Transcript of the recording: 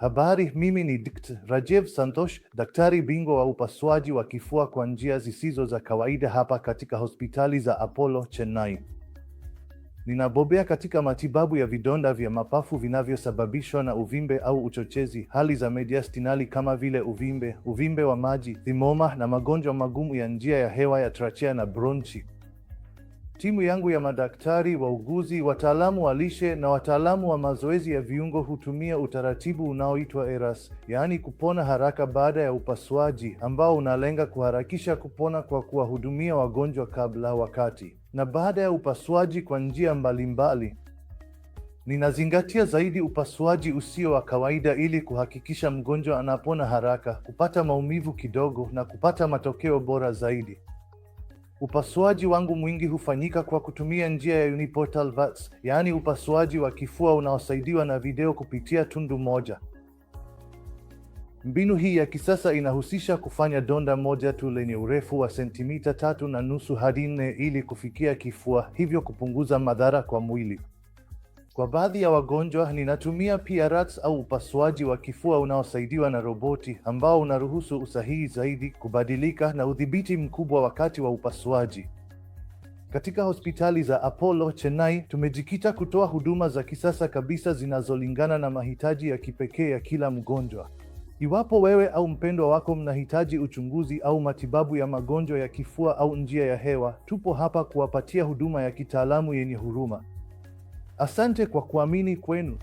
Habari, mimi ni Dkt. Rajiv Santosh, daktari bingwa wa upasuaji wa kifua kwa njia zisizo za kawaida hapa katika hospitali za Apollo Chennai. Ninabobea katika matibabu ya vidonda vya mapafu vinavyosababishwa na uvimbe au uchochezi, hali za mediastinali kama vile uvimbe, uvimbe wa maji, thimoma na magonjwa magumu ya njia ya hewa ya trachea na bronchi. Timu yangu ya madaktari, wauguzi, wataalamu wa lishe na wataalamu wa mazoezi ya viungo hutumia utaratibu unaoitwa ERAS, yaani kupona haraka baada ya upasuaji, ambao unalenga kuharakisha kupona kwa kuwahudumia wagonjwa kabla, wakati na baada ya upasuaji kwa njia mbalimbali. Ninazingatia zaidi upasuaji usio wa kawaida ili kuhakikisha mgonjwa anapona haraka, kupata maumivu kidogo na kupata matokeo bora zaidi. Upasuaji wangu mwingi hufanyika kwa kutumia njia ya uniportal VATS, yaani upasuaji wa kifua unaosaidiwa na video kupitia tundu moja. Mbinu hii ya kisasa inahusisha kufanya donda moja tu lenye urefu wa sentimita tatu na nusu hadi nne ili kufikia kifua, hivyo kupunguza madhara kwa mwili. Kwa baadhi ya wagonjwa, ninatumia pia RATS au upasuaji wa kifua unaosaidiwa na roboti ambao unaruhusu usahihi zaidi, kubadilika na udhibiti mkubwa wakati wa upasuaji. Katika hospitali za Apollo Chennai, tumejikita kutoa huduma za kisasa kabisa zinazolingana na mahitaji ya kipekee ya kila mgonjwa. Iwapo wewe au mpendwa wako mnahitaji uchunguzi au matibabu ya magonjwa ya kifua au njia ya hewa, tupo hapa kuwapatia huduma ya kitaalamu yenye huruma. Asante kwa kuamini kwenu.